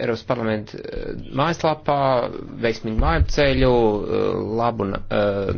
Eiropas parlamenta eh, mājaslapā, veiksmīgu mājuceļu, eh, labu. Eh,